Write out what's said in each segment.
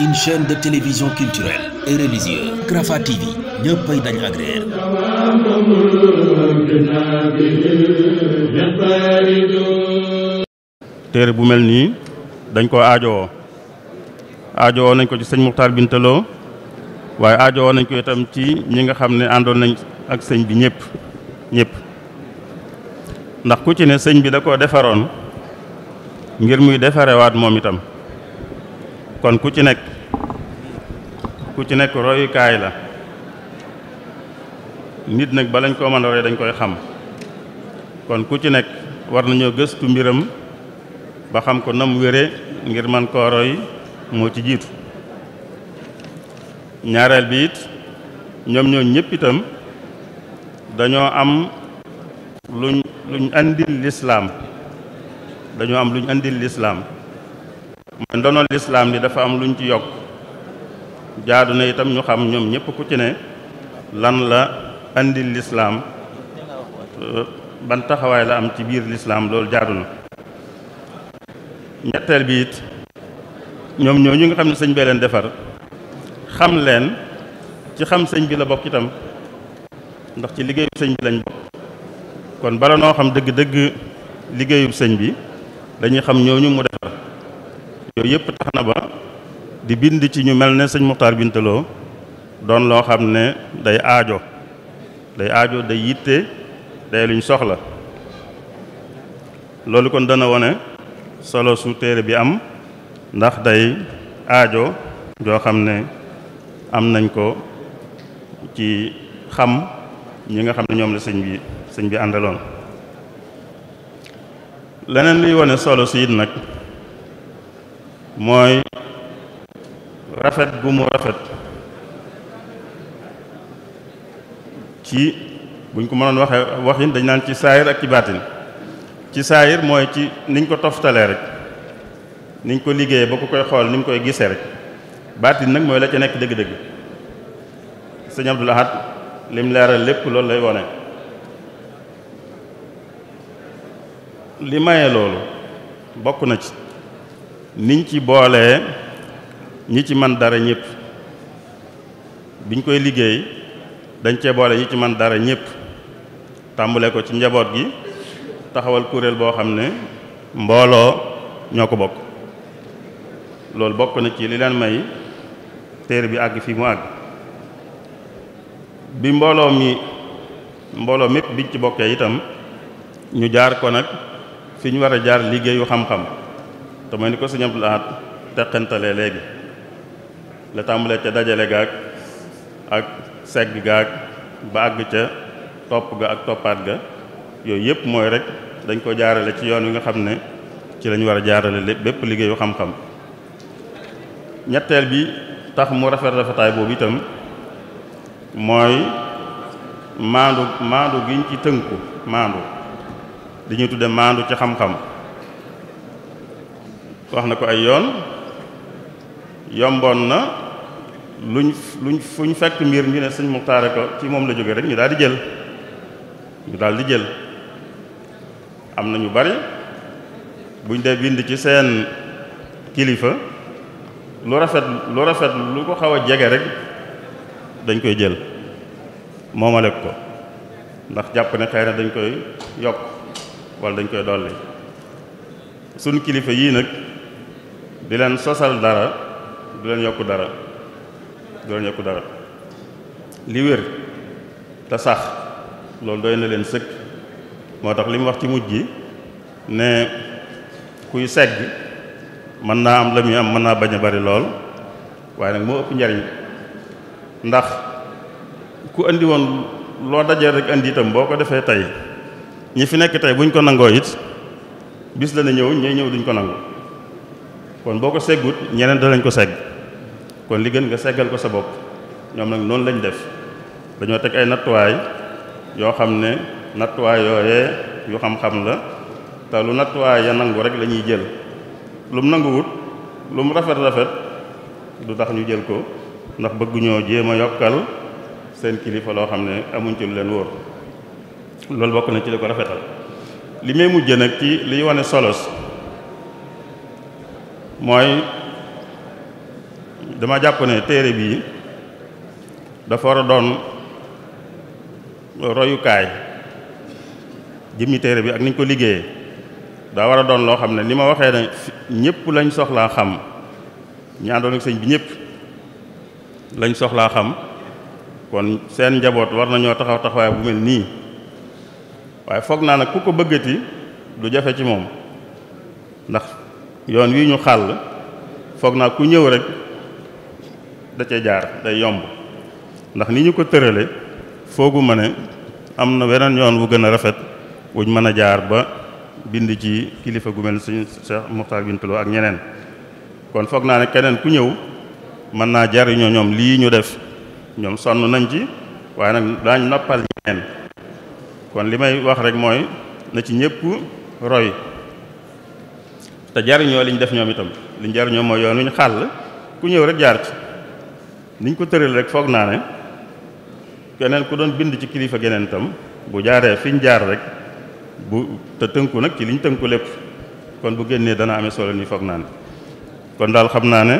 une de télévision culturelle et religieuse Rafah TV ñëppay téere bu mel nii dañ ko aajowoo aajowoo nañ ko ci sëñ Muxtaar Bintaloo waaye aajowoo nañ ko itam ci ñi nga xam ne àndoon nañ ak sëñ bi ñëpp ñëpp ndax ku ci ne sëñ bi da koo defaroon ngir muy defarewaat moom itam kon ku ci nekk ku ci nekk royukaay la nit nag ba lañ koo mën a roy dañ koy xam kon ku ci nekk war nañoo gëstu mbiram ba xam ko nam wére ngir man koo roy moo ci jiitu ñaareel bi it ñoom ñoo ñëpp itam dañoo am luñ luñ andil lislaam dañoo am luñ andil lislaam mooy ndonol lislaam li dafa am lu ñu ci yokk jaadu na itam ñu xam ñoom ñëpp ku ci ne lan la indi lislaam euh, ban taxawaay la am ci biir lislaam loolu jaadu na ñetteel bi it ñoom ñoo ñu nga xam ne sëñ bee leen defar xam leen ci xam sëñ bi la bokk itam ndax ci liggéeyub sëñ bi lañ bokk kon bala noo xam dëgg-dëgg liggéeyub sëñ bi dañuy xam ñooñu mu yooyu yëpp tax na ba di bind ci ñu mel ne sëñ Muxtaar Binta Lo doon loo xam ne day aajo day aajo day yitte day luñ soxla loolu kon dana wone solo su téere bi am ndax day aajo joo xam ne am nañ ko ci xam ñi nga xam ne ñoom la sëñ bi sëñ bi àndaloon leneen luy wone solo su it nag mooy rafet gu mu rafet ci buñ ko mënoon waxee waxin dañ naan ci saayir ak ci baatin ci saayir mooy ci niñ ko toftalee rek niñ ko liggéeyee ba ko koy xool niñ koy gisee rek baatin nag mooy la ca nekk dëgg-dëgg sëñ Abdul Ahad lim leeral lépp loolu lay wone li maye loolu bokk na ci niñ ci boolee ñi ci man dara ñëpp biñ koy liggéey dañ cee boole ñi ci man dara ñëpp tàmbale ko ci njaboot gi taxawal kuréel boo xam ne mbooloo ñoo ko bokk loolu bokk na ci li leen may téer bi àgg fii mu àgg bi mbooloo mi mbooloo mépp biñ ci bokkee itam ñu jaar ko nag fi ñu war a jaar liggéeyu xam-xam te ni ko sëñ Abdul Ahad teqantalee léegi la tàmbalee ca dajale gaag ak segg gaag ba àgg ca topp ga ak toppaat ga yooyu yëpp mooy rek dañ ko jaarale ci yoon wi nga xam ne ci lañu war a jaarale lépp bépp liggéeyu xam-xam ñetteel bi tax mu rafet rafetaay boobu itam mooy maandu maandu giñ ci tënku maandu di ñu tudde maandu ci xam-xam wax na ko ay yoon yomboon na luñ luñ fuñ fekk mbir ñu ne sëñ Muxtaar ko ci moom la jóge rek ñu daal di jël ñu daal jël am na ñu bari buñ dee bind ci seen kilifa lu rafet lu rafet lu ko xaw a jege rek dañ koy jël moomale ko ndax jàpp ne xëy na dañ koy yokk walla dañ koy dolli suñ kilifa yii nag di leen sosal dara du leen yokku dara du leen yokku dara li wér te sax loolu doy na leen sëkk moo tax li mu wax ci mujj gi ne kuy segg mën naa am la muy am mën naa bañ a bari lool waaye nag moo ëpp njariñ ndax ku indi woon loo dajee rek andi itam boo ko defee tey ñi fi nekk tey buñ ko nangoo it bis la ne ñëw ñooy ñëw duñ ko nangu kon boo ko seggut ñeneen danañ ko segg kon li gën nga seggal ko sa bopp ñoom nag noonu lañ def dañoo teg ay nattuwaay yoo xam ne nattuwaay yooyee yu xam-xam la te lu nattuwaay ya nangu rek la ñuy jël lu mu nanguwut lu mu rafet rafet lu tax ñu jël ko ndax bëgguñoo jéem a yokkal seen kilifa loo xam ne amuñ ci lu leen wóor loolu bokk nañ ci la ko rafetal li may mujj nag ci liy wane solos mooy dama jàpp ne téere bii dafa war a doon royukaay jëmmi téere bi ak niñ ko liggéeyee daa war a doon loo xam ne ni ma waxee ne ñëpp lañ soxlaa xam ñi sëñ bi ñëpp lañ soxlaa xam kon seen njaboot war nañoo taxaw taxawaay bu mel nii waaye foog naa nag ku ko bëggati du jafe ci moom ndax yoon wi ñu xàll foog naa ku ñëw rek da ca jaar day yomb ndax ni ñu ko tërale fooguma ne am na weneen yoon wu gën a rafet wuñ mën a jaar ba bind ci kilifa gu mel suñu Cheikh Mokhtar Bintaloo ak ñeneen kon foog naa ne keneen ku ñëw mën naa jariñoo ñoom lii ñu def ñoom sonn nañ ci waaye nag daañ noppal ñeneen kon li may wax rek mooy na ci ñëpp roy te jariñoo li ñu def ñoom itam liñ jariñoo mooy yoon wi ñu xàll ku ñëw rek jaar ci niñ ko tëral rek foog naa ne keneen ku doon bind ci kilifa geneen itam bu jaaree fi ñu jaar rek bu te tënku nag ci liñ tënku lépp kon bu génnee dana ame solo ni foog naa ne kon daal xam naa ne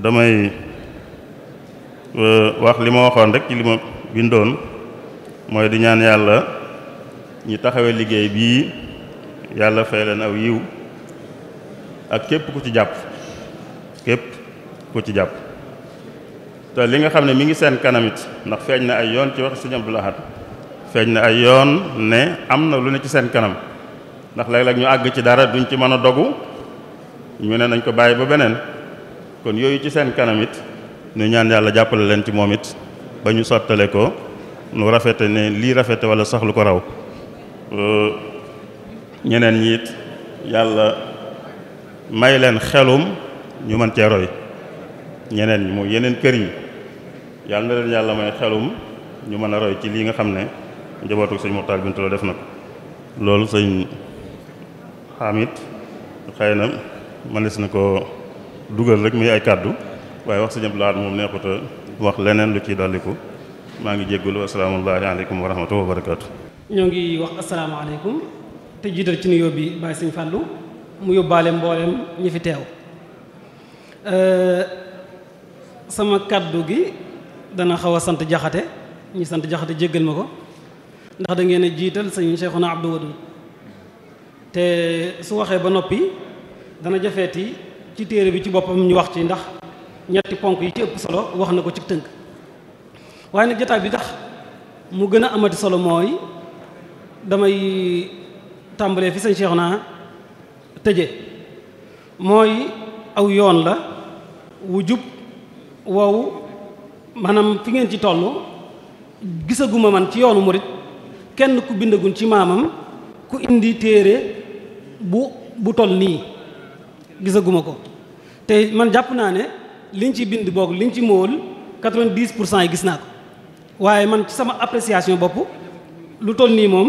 damay euh, wax li ma waxoon rek ci li ma bindoon mooy di ñaan yàlla ñu taxawee liggéey bii yàlla fay leen aw yiw ak képp ku ci jàpp képp ku ci jàpp te li nga xam ne mu ngi seen kanam ndax feeñ na ay yoon ci wax Sëriñ Abdul Ahad feeñ na ay yoon ne am na lu ne ci seen kanam ndax léeg-léeg ñu àgg ci dara duñ ci mën a dogu ñu ne nañ ko bàyyi ba beneen kon yooyu ci seen kanam it ñu ñaan yàlla jàppale leen ci moom it ba ñu sottale ko nu rafete ne lii rafete wala sax lu ko raw ñeneen ñi yàlla may leen xelum ñu mën cee roy ñeneen ñi mu yeneen kër yi yàlla na leen yàlla may xelum ñu mën a roy ci lii nga xam ne njabootu sëñ Muxtaar Bintu Lo def na ko loolu sëñ Hamid xëy na mënees na ko dugal rek muy ay kàddu waaye wax sëñ Abdou Lahad moom neexut wax leneen lu ciy dolliku maa ngi jéggulu assalaamu aleykum wa rahmatullaahi wa barakaatu ñoo ngi wax assalaamu aleykum te jiital ci nuyoo bi bàyyi sëñ Fàllu mu yóbbaale mboolem ñi fi teew sama kàddu gi dana xaw a sant jaxate ñi sant jaxate jéggal ma ko ndax da ngeen a jiital naa Cheikhuna Abdou Wadoud te su waxee ba noppi dana jafeeti ci téere bi ci boppam ñu wax ci ndax ñetti ponk yi ci ëpp solo wax na ko ci tënk waaye nag jotaay bi tax mu gën a amati solo mooy damay tàmbalee fi sëñ naa tëje mooy aw yoon la wu jub woowu maanaam fi ngeen ci toll gisaguma man ci yoonu murit kenn ku bindagun ci maamam ku indi téere bu bu toll nii gisaguma ko te man jàpp naa ne liñ ci bind boog liñ ci móol 90 pour cent yi gis naa ko waaye man ci sama appréciation bopp lu toll nii moom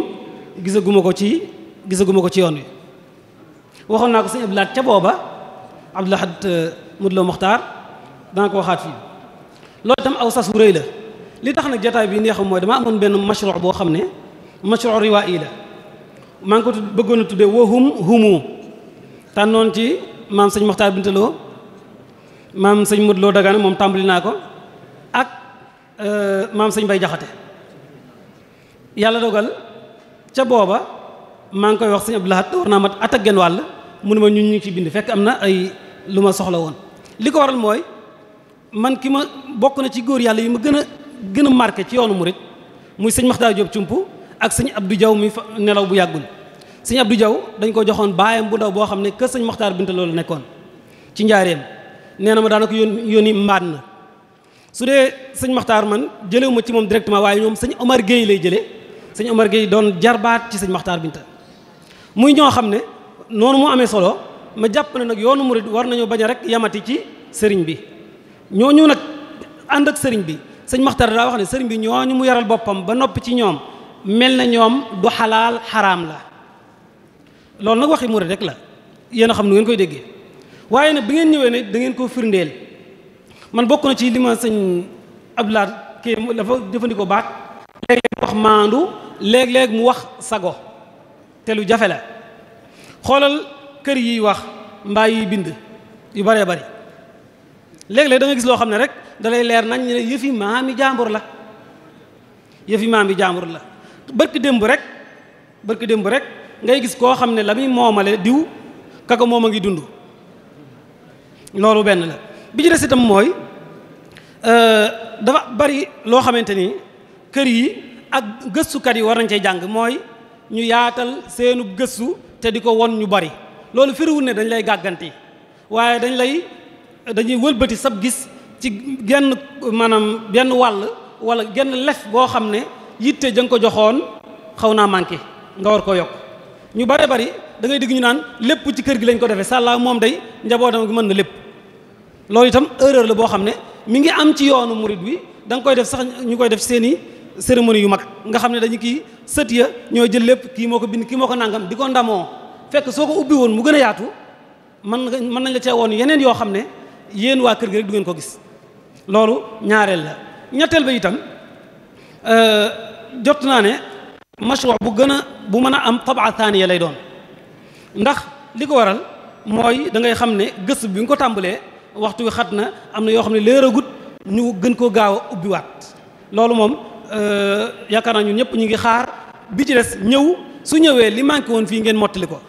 gisaguma ko ci gisaguma ko ci yoon wi waxoon naa ko sëñ Abdou ca booba Abdou Lahad euh, Modou Lo Mokhtar dana ko waxaat fii loolu itam aw sas rëy la li tax nag jataay bii neexam mooy dama amoon benn mashruuc boo xam ne mashruuc riwaayi la maa ngi ko bëggoon a tuddee wahum humu tànnoon maam sëñ Mokhtar Binta sëñ Modou Lo Dagana moom tàmbali naa ko ak euh, maam sëñ Bay Jaxate yàlla dogal ca booba maa ngi koy wax sëñ Abdou Lahad war naa mat at ak genn wàll mu ne ma ñun ñu ngi ci bind fekk am na ay lu ma soxla woon li ko waral mooy man ki ma bokk na ci góor yàlla yi ma gën a gën a marqué ci yoonu murit muy sëñ Maxtaar Diop cump ak sëñ Abdou jaw muy fa nelaw bu yàggul sëñ Abdou Diaw dañ ko joxoon baayam bu ndaw boo xam ne kër sañ Maxtaar Binta loolu nekkoon ci njaareem nee na ma daanaka yoon yónni mbaat na su dee sëñ Maxtaar man jëlewu ma ci moom directement waaye ñoom sëñ Omar Gueye lay jëlee sëñ Omar Gueye doon jarbaat ci sëñ Maxtaar Binta muy noonu mu amee solo ma jàpp ne nag yoonu murid war nañoo bañ a rek yamati ci sëriñ bi ñooñu nag ànd ak sëriñ bi sëñ Maxtar daa wax ne sëriñ bi ñooñu mu yaral boppam ba noppi ci ñoom mel na ñoom du xalaal xaraam la loolu nag waxi murid rek la yéen xam nu ngeen koy déggee waaye nag bi ngeen ñëwee ne dangeen ngeen koo firndeel man bokk na ci li ma sëñ Abdoulaye kii dafa jëfandikoo baat léeg-léeg wax maandu léeg-léeg mu wax sago te lu jafe la xoolal kër yiy wax mbaa yiy bind yu baree bari léeg-léeg da gis loo xam ne rek da leer nañ ne yëfi maami jàmbur la yëfi maami jàmbur la barki démb rek barki démb rek ngay gis koo xam ne la muy moomale diw kaka moom a ngi dund loolu benn la bi ci des itam mooy euh, dafa bari loo xamante ni kër yi ak gëstukat yi war nañ cee jàng mooy ñu yaatal seenub gëstu te di ko won ñu bari loolu firiwul ne dañ lay gàggante waaye dañ lay dañuy wëlbati sab gis ci genn maanaam genn wàll wala genn lef boo xam ne yitte ja nga ko joxoon xaw naa manqué nga war ko yokk ñu bare bari dangay ngay digg ñu naan lépp ci kër gi lañ ko defee sàllaa moom day njabootam gi mën na lépp loolu itam erreur la boo xam ne mi ngi am ci yoonu murid wi danga koy def sax ñu koy def seeni cérémonie yu mag nga xam ne dañu ki sët ya ñoo jël lépp kii moo ko bind kii moo ko nangam di ko ndamoo fekk soo ko ubbi woon mu gën a yaatu man mën nañ la cee woon yeneen yoo xam ne yéen waa kër gi rek du ngeen ko gis loolu ñaareel la ñetteel ba itam euh, jot naa ne mashru bu gën a bu mën a am tabaa thaniya lay doon ndax li ko waral mooy da ngay xam ne gëstu bi nga ko tàmbalee waxtu wi xat na am na yoo xam ne leeragut ñu gën koo gaaw a ubbiwaat loolu moom Euh, yaakaar naa ñun ñëpp ñu ngi xaar bi ci des ñëw su ñëwee li manqué woon fii ngeen mottali ko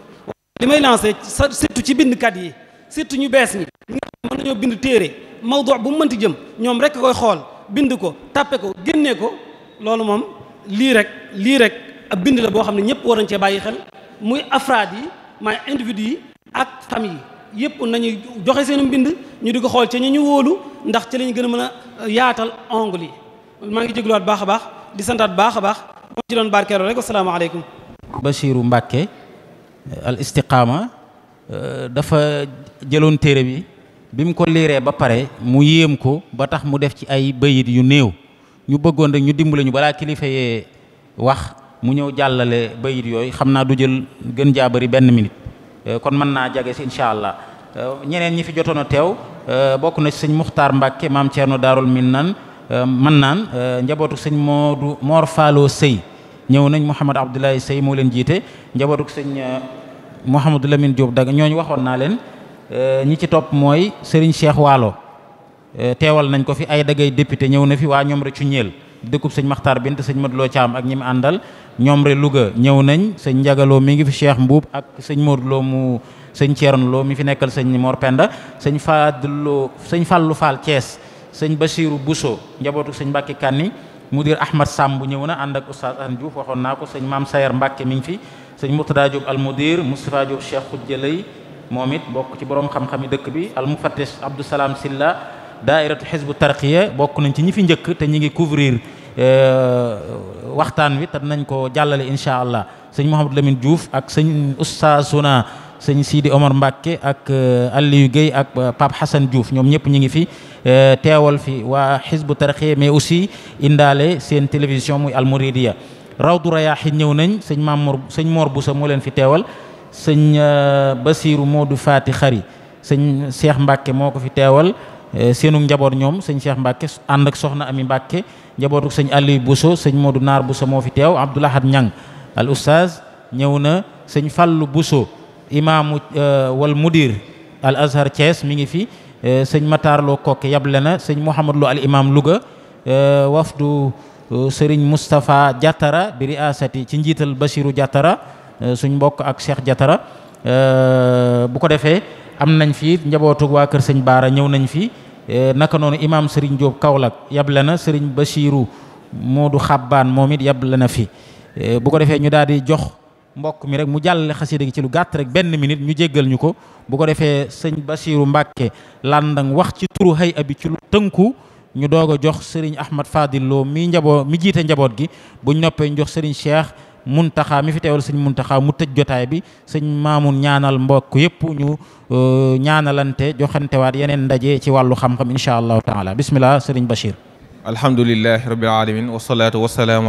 li may lancé surtout ci bind bindkat yi surtout ñu bees ñi ñi nga mën nañoo bind téere mawdu bu mu mënti jëm ñoom rek koy xool bind ko tàppe ko génnee ko loolu moom lii rek lii rek ab bind la boo xam ne ñëpp war nañ cee bàyyi xel muy afraad yi maay individu yi ak famille yi yëpp nañuy joxe seen mbind ñu di ko xool ci ñu ñu wóolu ndax ci lañu gën a mën a yaatal ongle yi maa ngi jégluwaat baax a baax di santaat baax a baax moo ci doon barkeeloo rek asalaamaaleykum Bachirou Mbacke euh, al istiqaama euh, dafa jëloon téere bi bi mu ko liiree ba pare mu yéem ko ba tax mu def ci ay bayit yu néew ñu bëggoon rek ñu dimbale ñu balaa kilifa yee wax mu ñëw jàllale bayit yooyu xam naa du jël gën jaa bari benn minute euh, kon mën naa jage si incha allah ñeneen ñi fi jotoon a teew bokk na ci sëñ Muxtaar Mbàkke maam Ceerno Daarul Minnan Euh, man naan euh, njabootu sëñ Modou Mor Fallou sëy ñëw nañ Mouhamed Abdoulaye Sey moo leen jiite njabootu sëñ euh, Mouhamadou Lamine Diop dag ñooñu waxoon naa leen ñi ci topp mooy sëriñ Cheikh Waalo teewal nañ ko fi ay dagay député ñëw na fi waa ñoom rek ci ñeel dëkkub sëñ maxtar bind sëñ Modou Lo ak ñi mu àndal ñoom re Louga ñëw nañ sañ Njagaloo mi ngi fi Cheikh Mbuub ak sëñ Modou mu sëñ Thierno mi fi nekkal sëñ Mor Penda sëñ Fadlo sëñ Fallou Fall sëñ Bachirou Bousso njabootu sëñ Mbacke Kanni mudir Ahmad Samb ñëw na ànd ak oustaz An Diouf naa ko sëñ Maam Sayar Mbacke mi ngi fi sëñ Mourtada Diop al mudir Moustapha Diop Cheikh moom it bokk ci borom xam-xami dëkk bi al mufattish Abdou Salam Silla daairatu xisbu tarqiya bokk nañ ci ñi fi njëkk te ñi ngi couvrir euh, waxtaan wi te nañ ko jàllale incha allah sëñ Mouhamadou Lamine ak sëñ oustazuna sëñ Sidi Omar Mbacke ak euh, Aliou Guèye ak euh, Pape Hassan Diouf ñoom ñëpp ñu ngi fi Euh, teewal fi waa xisbu tarxiya mais aussi indaale seen télévision muy almouridiya rawdu rayaaxi ñëw nañ sëñ Mamour sëñ Mor Boussa moo leen fi teewal sëñ euh, Basiiru Moodu Faati Xari sëñ Cheikh Mbacke moo ko fi teewal euh, seenu njaboot ñoom sëñ Cheikh Mbacke ànd ak soxna Ami Mbacke njabootu sëñ Aliou Bousso sëñ Modou Naar bu Bousso moo fi teew Abdoul Ahad Ñang al oustaz ñëw na sëñ Fallou Bousso imaamu wal mudir al Azhar Thiès mi ngi fi Eh, sëñ Matar Lo Kokke yable na sëñ Mouhamadou Lo al imam Louga eh, wafdu eh, sëriñ Moustapha Diatara bi riasati ci njiital Bachirou Diatara suñ mbokk ak Cheikh Diatara bu ko defee am nañ fi njabootu waa kër sëñ Baara ñëw nañ fi naka noonu imam sëriñ Diop Kaolack yable na sëriñ Bachirou Modou Xabbaan moom it yable na fi bu ko defee ñu daal di jox. mbokk mi rek mu jàllale xasida gi ci lu gàtt rek benn minute ñu jéggal ñu ko bu ko defee sëñ Basiiru Mbàkke Landang wax ci turu hay abi ci lu tënku ñu doog a jox sëriñ Ahmad Fadil Lo mi njaboo mi jiite njaboot gi buñ noppee ñu jox sëriñ Cheikh Muntaxa mi fi teewal sëñ Muntaxa mu tëj jotaay bi sëñ Maamun ñaanal mbokk yëpp ñu euh, ñaanalante joxantewaat yeneen ndaje ci wàllu xam-xam incha allah taala bismillah sëriñ Bachir alhamdulilahi rabbil alamin wasalaatu wasalaamu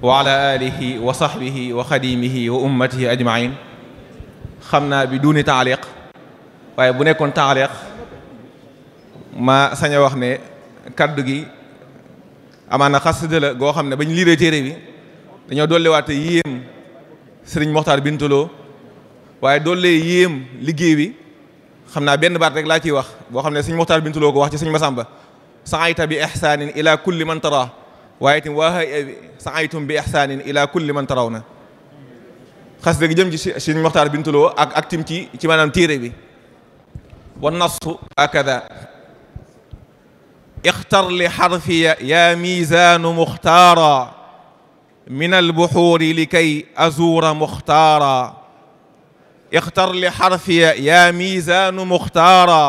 wa ala alihi wa sahbihi wa xadimihi wa ummatihi ajmain xam naa bi duuni taaliq waaye bu nekkoon taaliq ma sañ wax ne kaddu gi amaana xasida la goo xam ne bañ liiree téere bi dañoo dolliwaate yéem sëriñ Moxtaar Bintuloo waaye dollee yéem liggéey bi xam naa benn baat rek laa ciy wax boo xam ne sëriñ Moxtaar Bintuloo ko wax ci sëriñ Masamba saayta bi ihsaanin ila kulli man tara waaye itam waa saaytum bi ihsaanin ila kulli man taraw na xas dëgg jëm ci Sëñ Moxtaar Bintuloo ak ak tim ci ci maanaam téere bi wa nasu akada ixtar li xarfiya ya miizaanu muxtaara min albuxuuri likay azuura muxtaara ixtar li xarfiya ya miizaanu muxtaara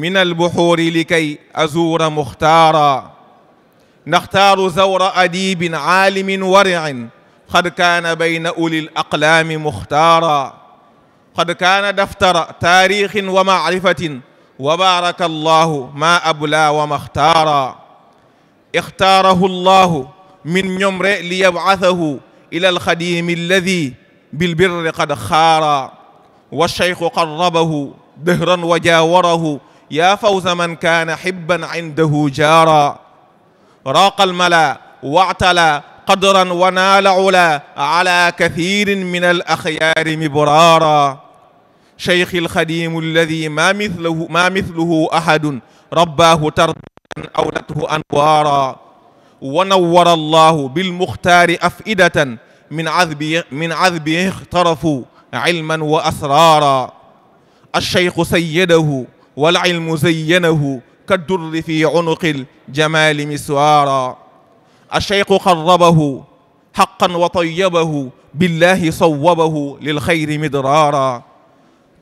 min albuxuuri likay azuura muxtaara naxtaaru zawra adibin aalimin wariin xad kaana bayna ulil aqlaami muxtaara xad kaana daftara taarixin wa macrifatin wa baaraka allahu ma abla wa maxtaara ixtaarahu allahu min ñomre li yabcasahu ila alxadimi alladi bilbirri qad xaara walcheyxu qarrabahu dëhran wa jaawarahu yaa fawsa man kaana xibban cindahu jaara raaqa almala waatala qadran wa naala ula ala kathirin min al axyaari mibraara cheikhi alxadimu alladi ma mithluhu ma mithluhu ahadun rabbaahu tarbiyatan awlathu anwaara wa nawwara allahu bilmuxtaari afidatan min azbi min azbihi ixtarafu ilman wa asraara alcheikhu sayyadahu wal ilmu zayyanahu كالدر في عنق الجمال مسوارا الشيخ قربه حقا وطيبه بالله صوبه للخير مدرارا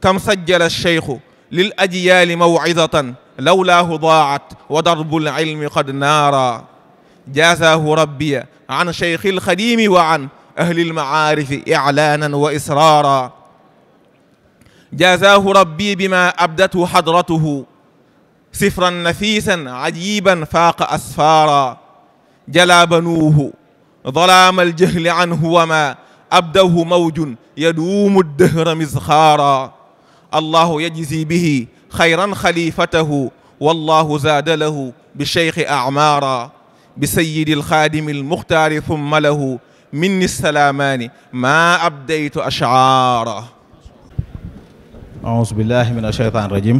كم سجل الشيخ للأجيال موعظة لولاه ضاعت ودرب العلم قد نارا جازاه ربي عن شيخ الخديم وعن أهل المعارف إعلانا وإسرارا جازاه ربي بما أبدته حضرته sifran nafiisan ajiban faaqa asfaara jalaa banuuhu dalaama aljahli anhu wa ma abdahu mawjun yaduumu dëhra misxaara allahu yajzi bihi xayran xalifatahu wallahu zaada lahu bi cheikhi acmaara bi sayidi alxaadimi almuxtaari thumma lahu minni salaamaani maa abdaytu ashcaara aousu billahi min asheytaan rajim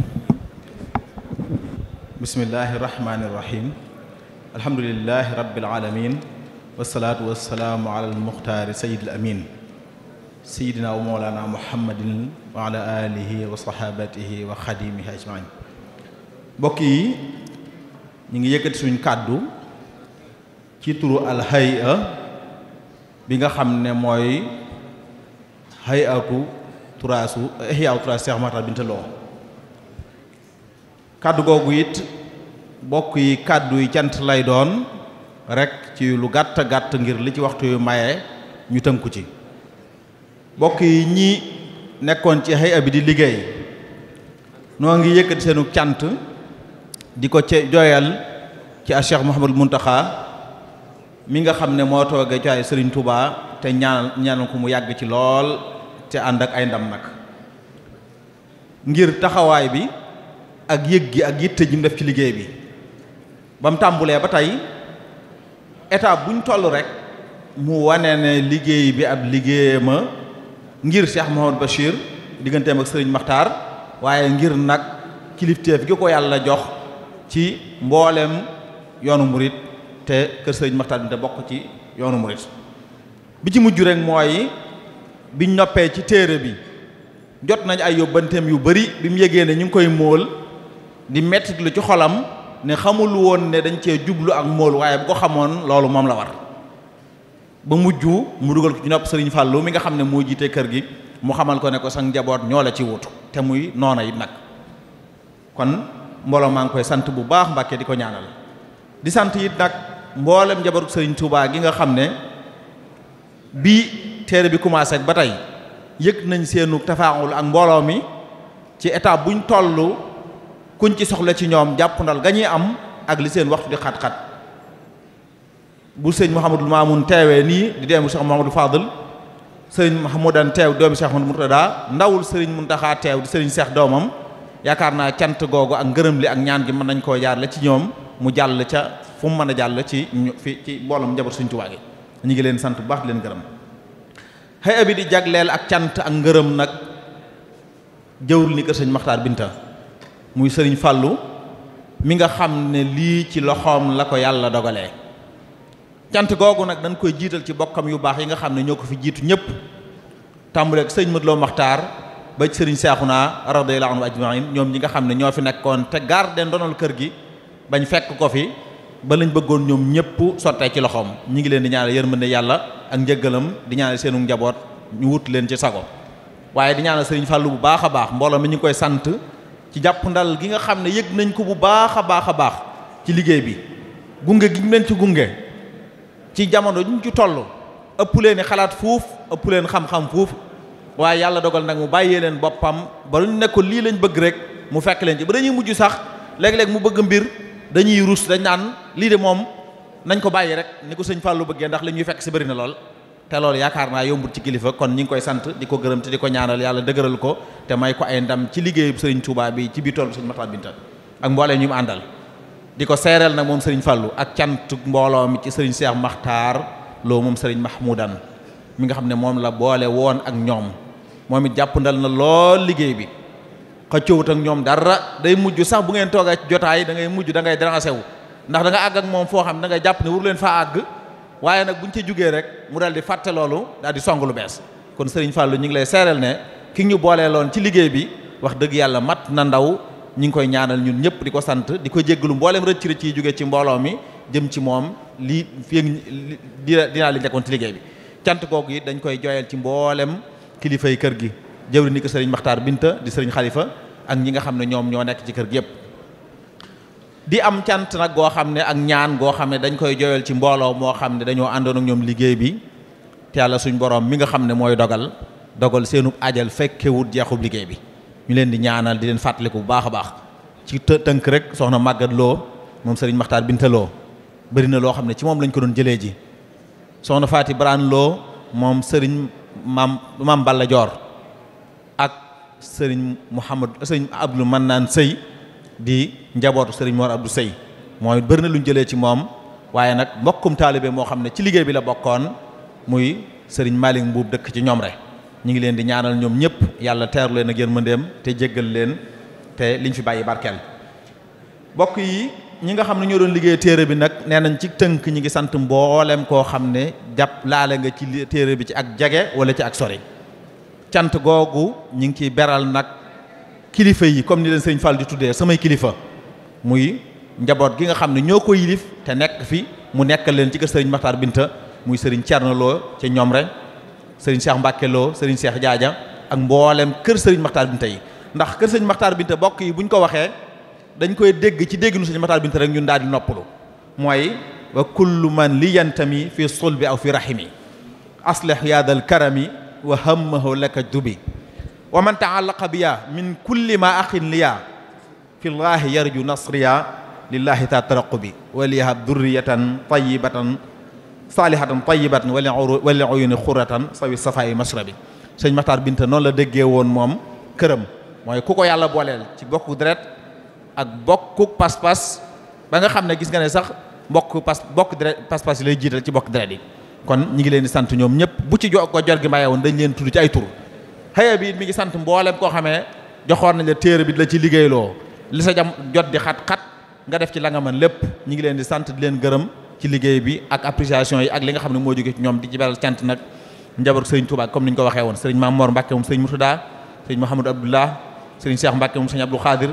bismillahi rahmaani rahim alhamdulilahi rabbil alamin wasalaatu wasalaamu ala almuxtaari sayid amin sayidina wa moolana muhammadin wa ala wa sahabatihi wa xadimihi ajmain mbokk yi ñu ngi yëkkati suñ kàddu ci turu alhaya bi nga xam ne mooy hayatu turaasu ihyaau turaas Seex Maxtaar Binta Lo kàddu googu it bokk yi kàddu yi cant lay doon rekk ci lu gàtt gàtt ngir li ci waxtu yu maye ñu tënku ci bokk yi ñi nekkoon ci xëy bi di liggéey noo ngi yëkkati seenu cant di ko ci joyal ci a Cheikh Mouhamadul Muntaxa mi nga xam ne moo toogee ci ay Sëriñ Tuubaa te ñaanal ko mu yàgg ci lool te ànd ak ay ndam nag ngir taxawaay bi ak yëg gi ak yitte ji mu def ci liggéey bi ba mu tàmbulee ba tey état buñ toll rek mu wane ne liggéey bi ab liggéeyama ngir Cheikh Mouhamadou Bachir digganteem ak Serigne maxtar waaye ngir nag kilifteef gi ko yàlla jox ci mboolem yoonu murit te kër Serigne Makhtar bi te bokk ci yoonu murit bi ci mujj rekk mooy biñ noppee ci téere bi jot nañ ay yóbbanteem yu bari bi mu yégee ne ñu ngi koy móol di mettit lu ci xolam ne xamul woon ne dañ cee jublu ak mool waaye bu ko xamoon loolu moom la war ba mujj mu dugal ko ci nopp sëriñ Fallou mi nga xam ne moo jiite kër gi mu xamal ko ne ko sang njaboot ñoo la ci wutu te muy noona it nag kon mbooloo maa ngi koy sant bu baax Mbàkke di ko ñaanal di sant it nag mboolem njaboot sëriñ Touba gi nga xam ne bii téere bi commencé ba tey yëg nañ seenu tafaaxul ak mbooloo mi ci état buñ toll kuñ ci soxla ci ñoom jàpp ga ñuy am ak li seen waxtu di xat-xat bu sëñ Mouhamadul Mamoun teewee nii di deemu Cheikh Mouhamadou Fadl sëriñ Mahmoudan teew doomi Cheikh Mouhamadou Mourtada ndawul sëriñ Mountakha teew di sëriñ Cheikh doomam yaakaar naa cant googu ak ngërëm li ak ñaan gi mën nañ koo jaarale ci ñoom mu jàll ca fu mu mën a jàll ci fi ci mboolam njaboot Sëriñ Tuubaa gi ñu ngi leen sant bu baax di leen gërëm xëy abi di jagleel ak cant ak ngërëm nag jëwul ni kër sëñ Maxtaar Binta muy sëriñ fàllu mi nga xam ne lii ci loxoom la ko yàlla dogalee cant googu nag dañ koy jiital ci bokkam yu baax yi nga xam ne ñoo ko fi jiitu ñëpp tàmbale ak sëñ Modou Lo Maxtaar ba ci sëriñ Seexuna radiyallahu anhu ajmain ñoom ñi nga xam ne ñoo fi nekkoon te garde ndonal kër gi bañ fekk ko fi ba lañ bëggoon ñoom ñëpp sottee ci loxoom ñi ngi leen di ñaanal yërmande yàlla ak njëggalam di ñaanal seenu njaboot ñu wut leen ci sago waaye di ñaanal sëriñ Fàllu bu baax a baax mbooloo mi ñu koy sant ci jàpp ndal gi nga xam ne yëg nañ ko bu baax a baax a baax ci liggéey bi gunge gi mu leen ci gunge ci jamono ñu ci toll ëpp leen xalaat fuuf ëpp leen xam-xam fuuf waaye yàlla dogal nag mu bàyyee leen boppam ba lu ñu ne ko lii lañ bëgg rek mu fekk leen ci ba dañuy mujj sax léeg-léeg mu bëgg mbir dañuy rus dañ naan lii de moom nañ ko bàyyi rek ni ko sëñ Fallou bëggee ndax li ñuy fekk si bari na lool. te loolu yaakaar naa yombut ci kilifa kon ñi ngi koy sant di ko gërëm te di ko ñaanal yàlla dëgëral ko te may ko ay ndam ci liggéeyub sëriñ Touba bi ci biir tool bi sëriñ Makhtar Binta ak mbooleem ñu mu di ko seereel nag moom sëriñ Fallou ak cantu mbooloo mi ci sëriñ Cheikh Makhtar loo moom sëriñ Mahmoudan mi nga xam ne moom la boole woon ak ñoom moom it ndal na lool liggéey bi xëccoowut ak ñoom dara day mujj sax bu ngeen toogee ci jotaay da ngay mujj da ngay dérangé wu ndax da nga moom foo xam ne jàpp ne waru faa àgg waaye nag buñ ci jógee rek mu daal di fàtte loolu daal di song lu bees kon sëriñ Fallou ñu ngi lay seereel ne ki ñu booleeloon ci liggéey bi wax dëgg yàlla mat na ndaw ñu ngi koy ñaanal ñun ñëpp di ko sant di ko jéggalu mbooleem rëcc rëcc yi jógee ci mbooloo mi jëm ci moom lii fii ak dinaa li njëkkoon ci liggéey bi cant googu yi dañ koy jooyal ci mboolem kilifay kër gi jëwri ni ko sëriñ Maxtaar Binta di sëriñ Xalifa ak ñi nga xam ne ñoom ñoo nekk ci kër yëpp di am cant nag goo xam ne ak ñaan goo xam ne dañ koy joyal ci mbooloo moo xam ne dañoo àndoon ak ñoom liggéey bi te yàlla suñ boroom mi nga xam ne mooy dogal dogal seenub ajal fekkewut jeexub liggéey bi ñu leen di ñaanal di leen fàttaliku bu baax a baax ci tënk rek soxna Maguette Lo moom sëriñ Makhtar Binta Lo bëri na loo xam ne ci moom lañ ko doon jëlee ji soxna Faati Baraan Lo moom Serigne maam maam Balla Joor ak Serigne Mouhamad Serigne Abdou Mannaan Sëy di njabootu sëriñ Mor Abdou Sey moom it bëri na lu ñu jëlee ci moom waaye nag mbokkum taalibe moo xam ne ci liggéey bi la bokkoon muy sëriñ Malick Mbuub dëkk ci ñoom rek ñu ngi leen di ñaanal ñoom ñëpp yàlla teeru leen ak yërmandeem te jéggal leen te liñ fi bàyyi barkeel bokk yi ñi nga xam ne ñoo doon liggéey téere bi nag nee nañ ci tënk ñi ngi sant mboolem koo xam ne jàpp laale nga ci téere bi ci ak jege wala ci ak sori cant googu ñi ngi ciy beral kilifa yi comme ni leen sëñ Fall di tuddee samay kilifa muy njaboot gi nga xam ne ñoo ko yilif te nekk fi mu nekkal leen ci kër sëriñ Maxtaar Binta muy sëriñ Thierno Lo ca ñoom rek sëriñ Cheikh Mbacke Lo sëriñ Cheikh Jaaja ak mboolem kër sëriñ Maxtaar Binta yi ndax kër sëriñ Maxtaar Binta bokk yi bu buñ ko waxee dañ koy dégg ci dégginu sëriñ Maxtaar Binta rek ñun daal di noppalu mooy wa kullu man li yantami fi sulbi aw fi rahimi aslih yaadal karami wa hammahu laka dubi wa man taallaqa bi yaa min kulli ma axin liyaa fi llaahi yarju nasriya lillaahi ta taraqubi waliyahab durriyatan tayibatan saalihatan tayibatan wali wali uyuni xuratan sawi safaayi masrabi sëñ Maxtaar Binta noonu la déggee woon moom këram mooy ku ko yàlla booleel ci bokku deret ak bokku pas-pas ba nga xam ne gis nga ne sax mbokk pas bokk deret pas-pas yi lay jiital ci bokk deret yi kon ñi ngi leen di sant ñoom ñëpp bu ci jo ko jor gi woon dañ leen tudd ci ay tur xëya bi it mi ngi sant mboolem koo xamee joxoon nañ la téere bi la ci liggéeyloo li sa jam jot di xat-xat nga def ci la nga man lépp ñu ngi leen di sant di leen gërëm ci liggéey bi ak appréciation yi ak li nga xam ne moo jóge ñoom di ci beral cant nag njaboot sëriñ comme ni ko waxee woon sëriñ Maam Mor Mbàkke moom sëriñ Murtada sëriñ Mouhamadou Abdoulah sëriñ Cheikh Mbàkke moom sëriñ Abdou Khadir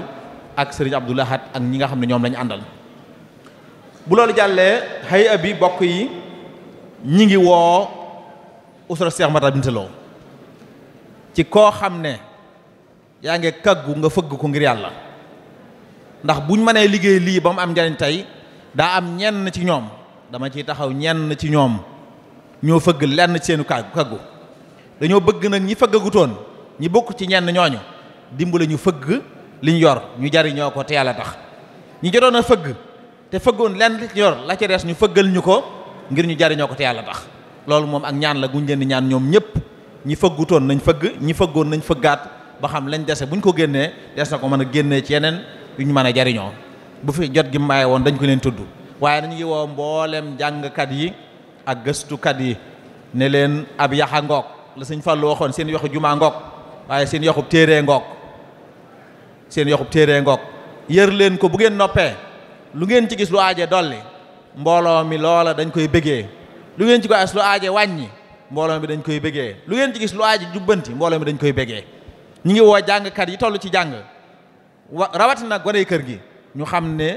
ak sëriñ Abdou Lahad ak ñi nga xam ne ñoom lañu àndal bu loolu jàllee xëy abi bokk yi ñi ngi woo usra Cheikh Mata Bintaloo ci koo xam ne yaa kàggu nga fëgg ko ngir yàlla ndax buñ mënee liggéey lii ba mu am njariñ tey daa am ñenn ci ñoom dama ciy taxaw ñenn ci ñoom ñoo fëgg lenn ci seenu kaggu dañoo bëgg nag ñi fëggagutoon ñi bokk ci ñenn ñooñu dimbale ñu fëgg liñ yor ñu jariñoo ko te yàlla tax ñi jotoon a fëgg te fëggoon lenn li yor la ci des ñu fëggal ñu ko ngir ñu jariñoo ko te yàlla tax loolu moom ak ñaan la guñ leen di ñaan ñoom ñëpp ñi fëggutoon nañ fëgg ñi fëggoon nañ fëggaat ba xam lañ dese buñ ko génnee des na ko mën a génnee ci yeneen yu ñu mën a jariñoo bu fi jot gi maye woon dañ ko leen tudd waaye dañ ngi woo mboolem jàngkat yi ak gëstukat yi ne leen ab yaxa ngoog la sëñ Fallu waxoon seen yoxu jumaa ngoog waaye seen yoxub téere ngoog seen yoxub téere ngoog yër leen ko bu ngeen noppee lu ngeen ci gis lu aaje dolli mbooloo mi loola dañ koy bëggee lu ngeen ci ko as lu aaje mbooloo bi dañ koy bëggee lu ngeen ci gis lu aaj jubbanti mbooloo mi dañ koy bëggee ñu ngi woo jàngkat yi toll ci jàng wa rawatina gone kër gi ñu xam ne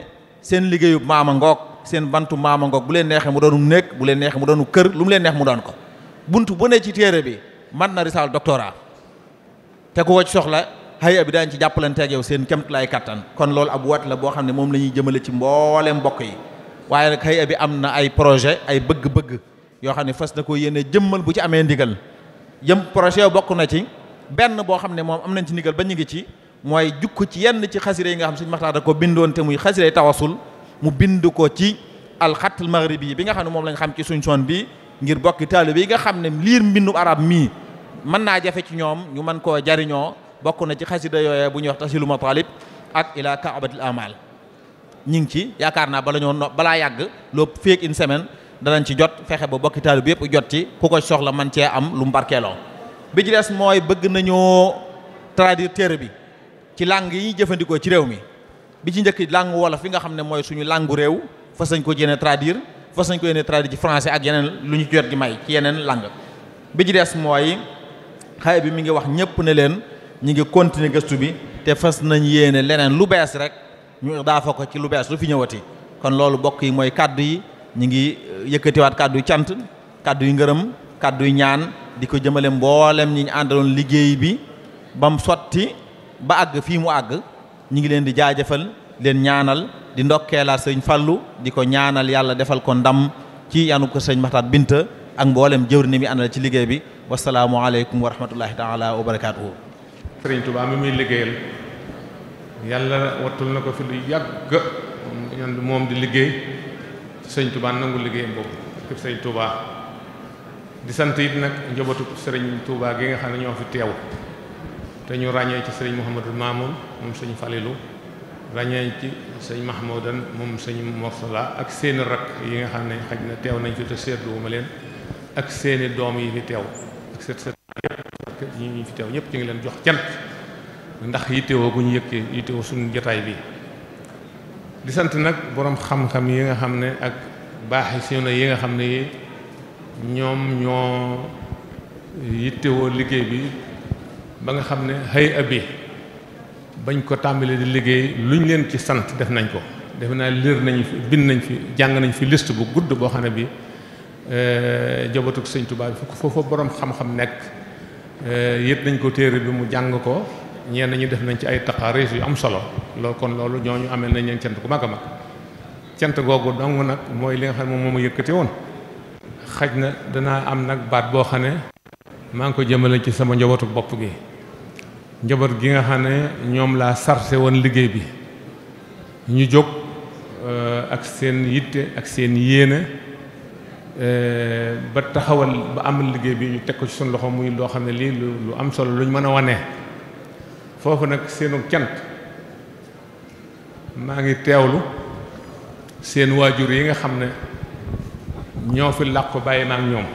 seen liggéeyu maama ngoog seen bantu maama ngoog bu leen neexee mu doonu nekk bu leen neex mu doonu kër lu mu leen neex mu doon ko bunt bu ne ci téere bi man na risaal doctorat te ku wacc soxla xëy bi daañu ci jàppalanteeg yow seen kemt lay kattan kon loolu ab wat la boo xam ne moom la ñuy jëmale ci mbooleem mbokk yi waaye nag xëy bi am na ay projet ay bëgg-bëgg yoo xam ne fas na ko yéene jëmmal bu ci amee ndigal jëm projet bokk na ci benn boo xam ne moom am nañ ci ndigal ba ñu ngi ci mooy jukk ci yenn ci xasire yi nga xam suñu maxtaar da ko bindoon te muy xasire tawasul mu bind ko ci alxatul maghribi bi nga xam ne moom lañ xam ci suñ son bi ngir bokki taalibe yi nga xam ne liir mbindum arab mii mën naa jafe ci ñoom ñu mën koo jariñoo bokk na ci xasida yooyee bu ñuy wax tasilu matalib ak ila kaabatil amal ñi ngi ci yaakaar naa bala ñoo balaa yàgg loo danañ ci jot fexe ba bokki taalibe yëpp jot ci ku ko soxla man cee am lu mbarkeeloo bi ci des mooy bëgg nañoo traduire téere bi ci langue yi ñuy jëfandikoo ci réew mi bi ci njëkk langue wolof fi nga xam ne mooy suñu langue réew fas nañ ko yéene traduire fas nañ ko yéene traduire ci français ak yeneen lu ñu jot gi may ci yeneen làng bi ci des mooy xaye bi mi ngi wax ñëpp ne leen ñu ngi continuer gëstu bi te fas nañ yéene leneen lu bees rek ñu daafa ko ci lu bees lu fi ñëwati kon loolu bokk yi mooy kàddu yi ñu ngi eh, yëkkatiwaat kàddu cant kàddu yu ngërëm kàddu yu ñaan di ko jëmale mboolem ñi ñu àndaloon liggéey bi ba mu sotti ba àgg fii mu àgg ñu ngi leen di jaajëfal leen ñaanal di ndokkeelaat sëñ Fallu di ko ñaanal yàlla defal ko ndam ci yanu ko sëñ Maxtaar Binta ak mboolem jëwriñ mi àndal ci liggéey bi wasalaamu aleykum wa rahmatullahi taala wa barakaatuhu sëriñ ko fi moom di liggéey sëñ Touba nangu liggéeyam boobu kër sëñ Touba di sant it nag njobootu sëriñ Touba gi nga xam ne ñoo fi teew te ñu ràññee ci sëriñ Mouhamadou Mamoun moom sëñ Falilou ràññee ci sëñ Mahmoudan moom sëñ Morsala ak seeni rakk yi nga xam ne xaj na teew nañ fi te seetlu ma leen ak seeni doom yi fi teew ak ñu fi teew ñëpp ñu ngi leen jox cant ndax yittewoo gu ñu yëkkee yittewoo suñu jataay bii di sant nag boroom xam-xam yi nga xam ne ak baax si yi nga xam ne ñoom ñoo yittewoo liggéey bi ba nga xam ne xëy abi bañ ko tàmbalee di liggéey luñ leen ci sant def nañ ko defe naa liir nañ fi bind nañ fi jàng nañ fi liste bu gudd boo xam ne bi eh, jabatuk sëñ Tuubaa bi foofu borom xam-xam nekk eh, yët nañ ko téere bi mu jàng ko ñeen ñi def nañ ci ay taqaaris yu am solo loolu kon loolu ñoo ñu amee nañ leen cant gu mag a mag cant googu dong nag mooy li nga xam ne moom moo yëkkati woon. xaj na danaa am nag baat boo xam ne maa ngi ko jëmale ci sama njabootu bopp gi njaboot gi nga xam ne ñoom laa sarse woon liggéey bi ñu jóg euh, ak seen yitte ak seen yéene euh, ba taxawal ba amal liggéey bi ñu teg ko ci suñu loxo muy loo xam ne lii lu lu am solo luñ mën a wane. foofu nag seenu cant maa ngi teewlu seen waajur yi nga xam ne ñoo fi làqu bàyyi naa ñoom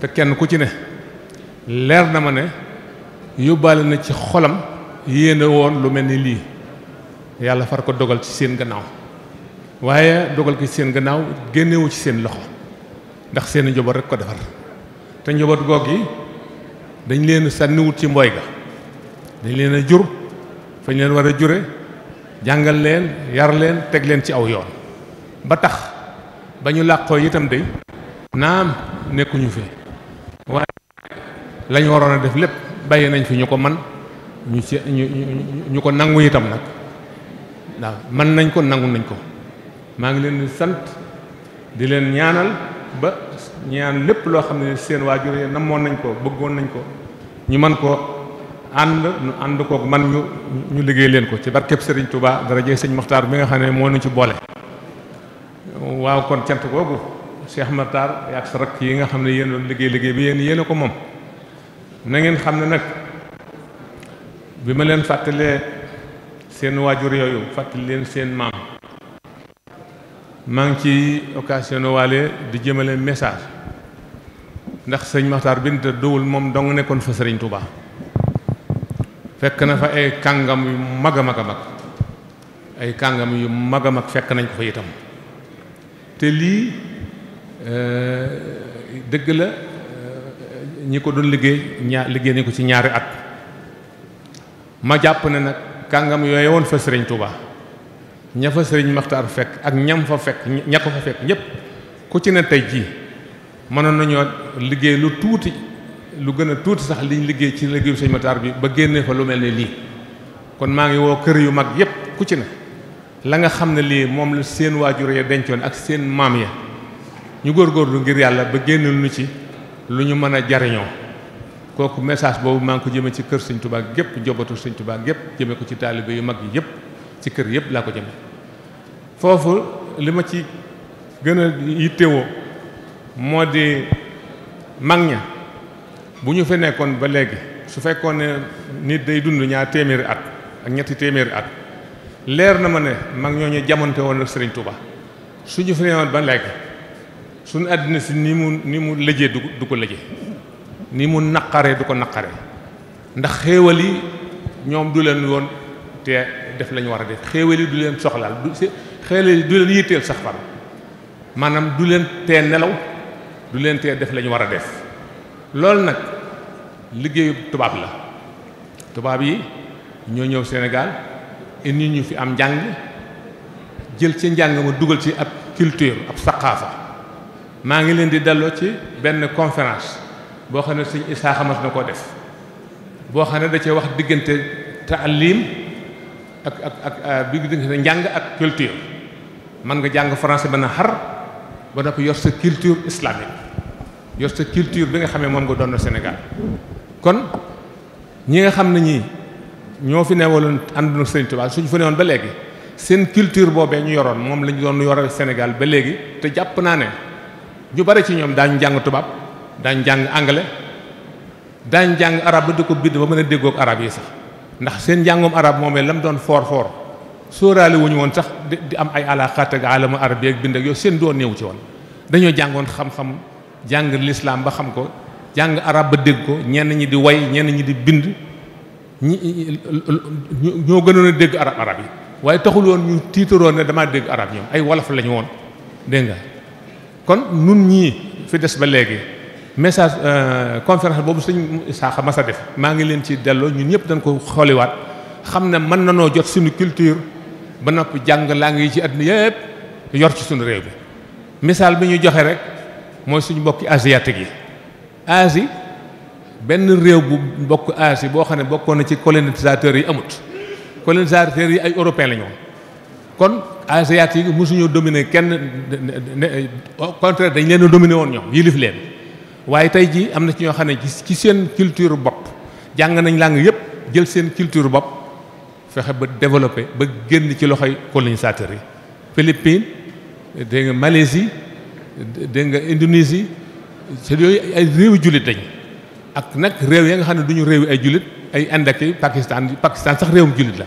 te kenn ku ci ne leer na ma ne yóbbaale na ci xolam yéene woon lu mel ni lii yàlla far ko dogal ci seen gannaaw waaye dogal ko ci seen gannaaw génnewu ci seen loxo ndax seen njaboot rek ko defar te njaboot goog yi dañ leen sànniwut ci mbooy ga dañ leen a jur fañ leen war a jure jàngal leen yar leen teg leen ci aw yoon ba tax ba ñu làqoo itam day naam nekkuñu fi waaye lañu waroon a def lépp bàyyi nañ fi ñu ko man ñu ci ñu ñu ko nangu itam nag waaw man nañ ko nangu nañ ko maa ngi leen sant di leen ñaanal ba ñaan lépp loo xam ne seen waajur yi namoon nañ ko bëggoon nañ ko ñu man ko ànd nu ànd koog man ñu ñu liggéey leen ko ci barkeb sëriñ tubaa dara jëye sëñ Mokhtar bi nga xam ne moo ñu ci boole. waaw kon cant googu Cheikh Makhtar yaag rakk yi nga xam ne yéen doon liggéey liggéey bi yéen yéen a ko moom nangeen xam ne nag bi ma leen fàttalee seen waajur yooyu fàttali leen seen maam maa ngi ci occasion waale di jëmale message ndax sëñ Makhtar Binta dowul moom dong nekkoon fa sëriñ tubaa fekk na fa ay kàngam yu mag a mag a ay kàngam yu mag a mag fekk nañ ko fa itam te lii eh, dëgg la eh, ñi ko doon liggéey ñaar liggéey nañ ko ci ñaari at ma jàpp ne nag kàngam yooyu woon fa sëriñ Touba ña fa sëriñ Maxtaar fekk ak ñam fa fekk ña fa fekk ñépp ku ci ne tey jii mënoon nañoo liggéey lu tuuti lu gën a tuuti sax liñ liggéey ci liggéeyu sëñ Matar bi ba génnee fa lu mel ne lii kon maa ngi woo kër yu mag yépp ku ci ne la nga xam ne lii moom la seen waajur ya dencoon ak seen maam ya ñu góor góorgóorlu ngir yàlla ba génnal nu ci lu ñu mën a jariñoo kooku message boobu maa ngi ko jëmee ci kër sëñ Tuubaa gépp jobatu sëñ Tuubaa gépp jëmee ko ci taalibe yu mag yi yëpp ci kër yëpp laa ko jëmee foofu li ma ci gën a yittewoo moo di mag ña bu ñu fi nekkoon ba léegi su fekkoon ne nit day dund ñaar téeméeri at ak ñetti téeméeri at leer na ma ne mag ñu jamonte woon ak Serigne Touba su ñu fi nekkoon ba léegi suñu àddina si ni mu ni mu lëjee du du ko lëje ni mu naqaree du ko naqaree ndax xéewal yi ñoom du leen woon te def la war a def xéewal yi du leen soxlaal du xéewal yi du leen yitteel sax far maanaam du leen tee nelaw du leen tee def lañu war a def loolu nag liggéeyu tubaab la tubaab yi ñoo ñëw Sénégal indi ñu fi am njàng jël ci njàng ma dugal ci ab culture ab saqaafa maa ngi leen di delloo ci benn conférence boo xam ne suñ isaa xamas na ko def boo xam ne da cee wax diggante taalim ak ak ak bi diggante njàng ak culture mën nga jàng français ba na xar ba noppi yor sa culture islamique yor sa culture bi nga xamee moom nga doon Sénégal kon ñi nga xam ne ñii ñoo fi newaloon àndoon Sëriñ Tuubaa suñ fa newoon ba léegi seen culture boobee ñu yoroon moom la ñu doon yore Sénégal ba léegi te jàpp naa ne ñu bari ci ñoom daañu jàng tubaab daañu jàng anglais jàng arab ba di ko bind ba mën a déggoog arab yi sax ndax seen njàngoom arab moomee la mu doon foor foor sóoraale wuñu woon sax di am ay alaaxaat ak alamu arab yi bind ak yow seen doon néew ci woon dañoo jàngoon jàng lislaam ba xam ko jàng arab ba dégg ko ñenn ñi di way ñenn ñi di bind ñi ñoo gënoon dégg arab arab yi waaye taxul woon ñu tiitaroon ne damaa dégg arab ñoom ay wolof lañu woon dégg nga kon nun ñii fi des ba léegi message euh, conférence boobu sëñ ma sa def maa ngi leen ci delloo ñun ñëpp dañ ko xooliwaat xam ne mën na noo jot suñu culture ba noppi jàng laa ngi ci àdduna yëpp yor ci suñu réew bi misaal bi ñu joxe rek mooy suñu mbokki asiatique yi Asie benn réew bu mbokk Asie boo xam ne bokkoon na ci colonisateurs yi amut colonisateurs yi ay européens la ñu kon asiatique yi mosuñu dominer kenn au contraire dañ leen a woon ñoom yilif leen waaye tey jii am na ci ñoo xam ne ci seen culture bopp jàng nañ làng yépp jël seen culture bopp fexe ba développé ba génn ci loxoy colonisateur yi Philippines dégg nga Malaisie dégg nga Indonésie c'est yooyu ay réewi jullit dañ ak nag réew ya nga xam ne du ñu réewi ay jullit ay Inde ak Pakistan Pakistan sax réewum jullit la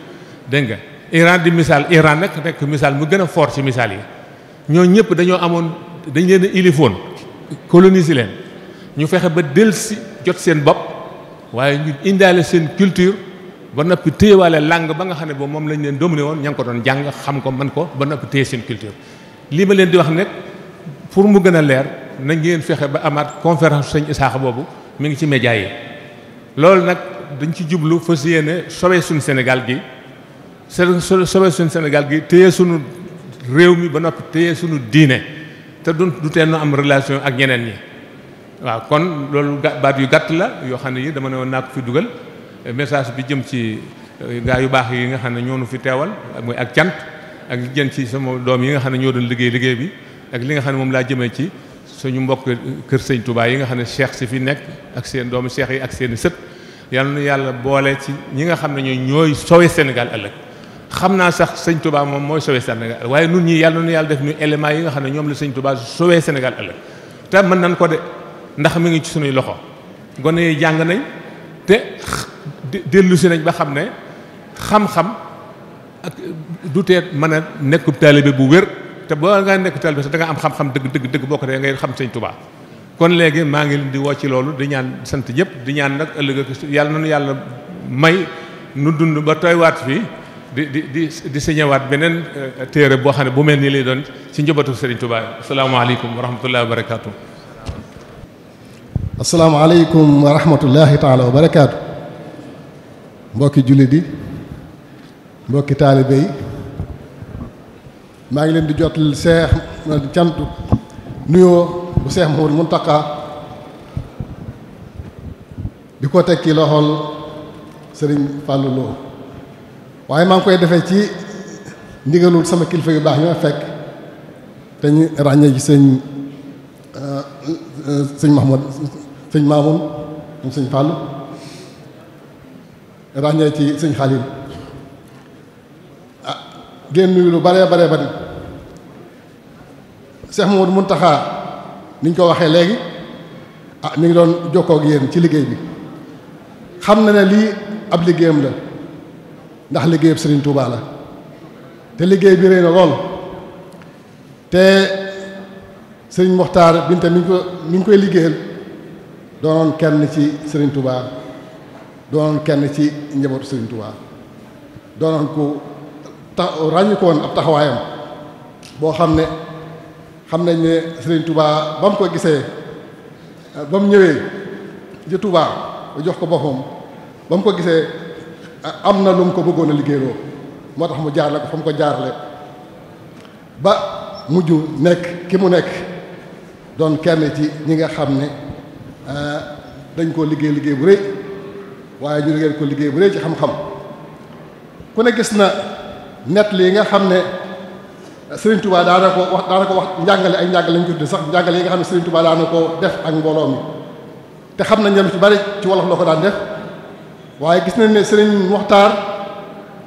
dégg nga Iran di misaal Iran nag nekk misaal mu gën a fort ci misaal yi ñoo ñëpp dañoo amoon dañ leen a ilifoon coloniser leen ñu fexe ba dellusi jot seen bopp waaye ñu indaale seen culture ba noppi téyewaale langue ba nga xam ne boobu moom lañ leen dominé woon ña ngi ko doon jàng xam ko man ko ba noppi téye seen culture lii leen di pour mu gën a leer na ngeen fexe ba amaat conférence sëñ Isaaxa boobu mu ngi ci média yi loolu nag dañ ci jublu fas yéene sobe suñ Sénégal gi sobe suñu Sénégal gi téye suñu réew mi ba noppi téye suñu diine te du du tee nu am relation ak ñeneen ñi waaw kon loolu baat yu gàtt la yoo xam ne yi dama ne woon naa ko fi dugal message bi jëm ci euh, gaa yu baax yi nga xam ne ñoo nu fi teewal mooy ak cant ak jën ci sama doom yi nga xam ne ñoo doon liggéey liggéey bi ak li nga xam ne moom laa jëmee ci suñu mbokk kër sëñ Touba yi nga xam ne cheikh si fi nekk ak seen doomu seex yi ak seen sët yal na yàlla boole ci ñi nga xam ne ñooy ñooy sowe Sénégal ëllëg xam naa sax sëñ Touba moom mooy sowe Sénégal waaye nun ñi yàlla yàlla def ñu éléments yi nga xam ne ñoom la sëñ Touba sowe Sénégal ëllëg te mën nañ ko de ndax mi ngi ci suñuy loxo gone yi jàng nañ te dellu si nañ ba xam ne xam-xam ak du mën a nekkub taalibe bu wér te boo nga nekk taalibe sax da nga am xam-xam dëgg dëgg dëgg boo ko ngay xam sëñ tubaa kon léegi maa ngi leen di woo ci loolu di ñaan sant ñëpp di ñaan nag ëllëg ak yàlla nanu yàlla may nu dund ba tooywaat fii di di di di sañewaat beneen euh, téere boo xam ne bu mel nii lay doon ci njabootu Sëriñ Tuubaa asalaamaaleykum wa rahmatullahi wa barakaatu. asalaamaaleykum wa mbokki jullit yi mbokki taalibe maa ngi leen di jot seex cant nuyoo bu seex Mouhamadou takka bi ko teg ci loxol sëriñ Fallou Lo waaye maa ngi koy defee ci ndigalul sama kilifa yu baax ñoo fekk te ñu ràññee ci sëñ euh, sëñ Mahmoud sëñ Mamoun sëñ Fallou ràññee ci sëñ Khalil génn yu lu baree baree bari Cheikh Mamadou Muntaxa ni ñu ko waxee léegi ah mi ngi doon jokkoo yéen ci liggéey bi xam na ne lii ab liggéeyam la ndax liggéeyam Serigne Touba la te liggéey bi rëy na lool te Serigne Mokhtar Binta mi ngi ko mi ngi koy liggéeyal doonoon kenn ci Serigne Touba doonoon kenn ci njabootu Serigne Touba doonoon ku. tax ràññi ko woon ab taxawaayam boo xam ne xam nañ ne Serigne Touba ba mu ko gisee ba mu ñëwee ji Touba jox ko boppam ba mu ko gisee am na lu mu ko bëggoon a liggéeyloo moo tax mu jaarle ko fa mu ko jaarle ba mujj nekk ki mu nekk doon kenn ci ñi nga xam ne euh, dañ koo liggéey liggéey bu rëy waaye ñu liggéey ko liggéey bu rëy ci xam-xam ku ne gis na. net lii nga xam ne Serigne Touba daana ko wax daana ko wax njàngale ay njàngale lañ tudde sax njàngale yi nga xam ne Serigne Touba daana ko def ak mbooloo mi te xam nañ ne lu bari ci wolof la ko daan def waaye gis nañ ne sëriñ Mokhtar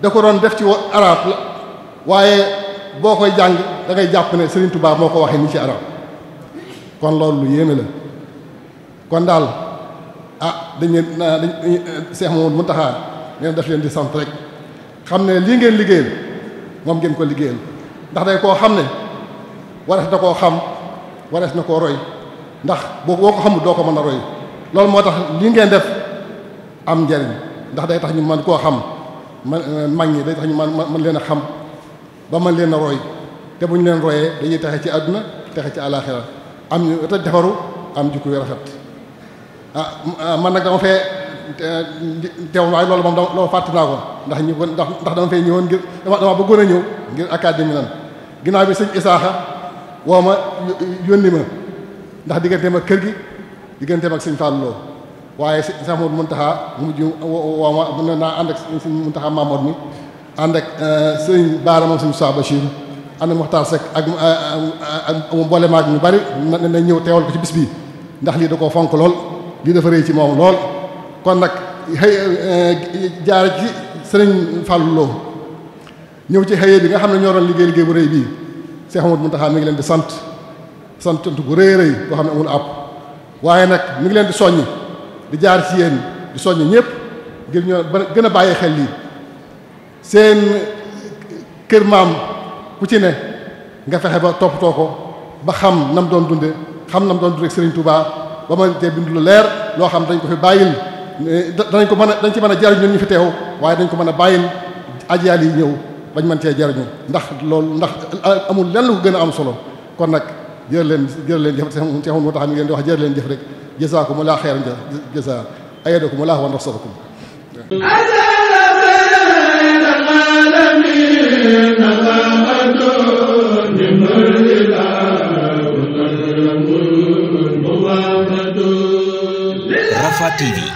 da ko doon def ci arab la waaye boo koy jàng dangay jàpp ne Serigne tubaa moo ko waxee ni ci arab kon loolu lu la kon daal ah dañ leen dañ Cheikh Mamadou Mountakha nee na def leen di sant rek xam ne lii ngeen liggéeyal moom ngeen ko liggéeyal ndax day koo xam ne warees na koo xam warees na koo roy ndax boo boo ko xamul doo ko mën a roy loolu moo tax lii ngeen def am njariñ ndax day tax ñu man koo xam man mag ñi day ñu man mën leen a xam ba mën leen a roy te bu ñu leen royee dañuy taxe ci àdduna texe ci àllaaxira am ñu defaru am jikko yu rafet ah, ah man nag dama fee teewul waaye loolu moom da loolu fàtte naa ko ndax ñu ndax ndax dama fay ñëwoon ngir dama dama bëggoon a ñëw ngir académie nan ginnaaw bi sëñ Isaaxa woo ma yónni ma ndax digganteem ma kër gi digganteem ak sëñ Fallou Lo waaye Cheikh Mouhamadou Mountakha mujj woo ma bu naa ànd ak sëñ Mountakha Mamour mi ànd ak euh, sëñ Baara moom sëñ Sousa Bachir ànd ak Mokhtar Seck ak euh, ak mboolemaak ñu bari na ñëw teewal ko ci bis bi ndax lii da ko fonk lool lii dafa rëy ci moom lool kon nag xëy eh, jaare ci sëriñ Fallou ñëw ci xëyee bi nga xam ne ñoo doon liggéey liggéey bu rëy bii Cheikh Amadou Mountakha mi ngi leen di sant sant bu rëy rëy boo xam ne amul àpp waaye nag mi ngi leen di soññ di jaar ci yéen di soññ ñëpp ngir ñoo gën a bàyyi xel lii seen kër maam ku ci ne nga fexe ba toppatoo ko ba xam nam doon dunde xam nam doon dunde ak Sëriñ Touba ba mën cee bind lu leer loo xam dañ ko fi bàyyil danañ ko mën a dañ ci mën a jariñ ñun ñu fi teew waaye dañ ko mën a bàyyil ajiyaal yi ñëw bañ mën cee jariñu ndax lool ndax amul lenn lu ko gën a am solo kon nag jërë leen jërë leen jëf te xamul moo mi ngeen wax jërë leen jëf rek jazaakumu laahu xayran jazaa ayyadakumu laahu wa nasarakum Rafah TV